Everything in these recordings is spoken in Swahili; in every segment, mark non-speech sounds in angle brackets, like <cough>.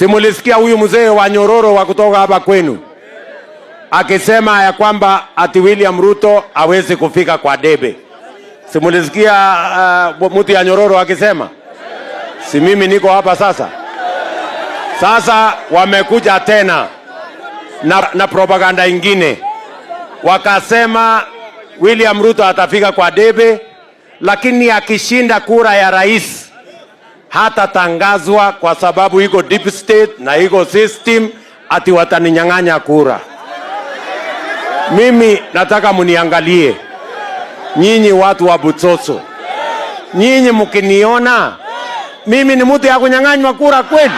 Simulisikia huyu mzee wa nyororo wa kutoka hapa kwenu akisema ya kwamba ati William Ruto hawezi kufika kwa debe. Simulisikia uh, uh mtu ya nyororo akisema, si mimi niko hapa sasa. Sasa wamekuja tena na, na propaganda ingine, wakasema William Ruto atafika kwa debe, lakini akishinda kura ya rais hatatangazwa kwa sababu iko deep state na iko system ati wataninyang'anya kura. Mimi nataka mniangalie nyinyi watu wa Butsotso, nyinyi mkiniona mimi ni mtu ya kunyang'anywa kura kweli?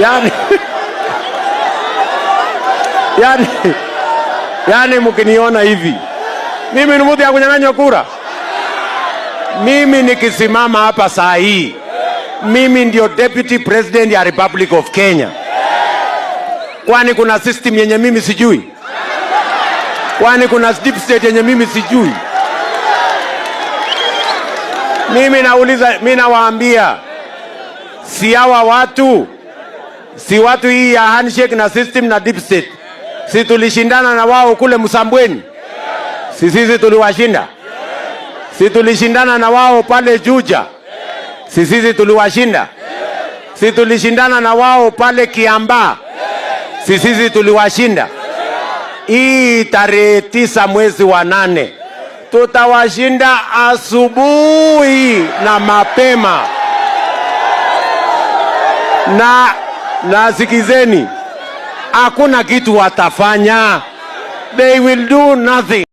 Yani, <laughs> yani, yani mkiniona hivi mimi ni mtu ya kunyang'anywa kura? Mimi nikisimama hapa saa hii, mimi ndio deputy president ya Republic of Kenya. Kwani kuna system yenye mimi sijui? Kwani kuna deep state yenye mimi sijui? Mimi nauliza, mimi nawaambia, si hawa watu, si watu hii ya handshake na system na deep state, si tulishindana na wao kule Msambweni? Si sisi tuliwashinda? Si tulishindana na wao pale Juja? Si sisi tuliwashinda? Si tulishindana na wao pale Kiambaa? Si sisi tuliwashinda? Hii tarehe tisa mwezi wa nane tutawashinda asubuhi na mapema. Na nasikizeni, hakuna kitu watafanya, they will do nothing.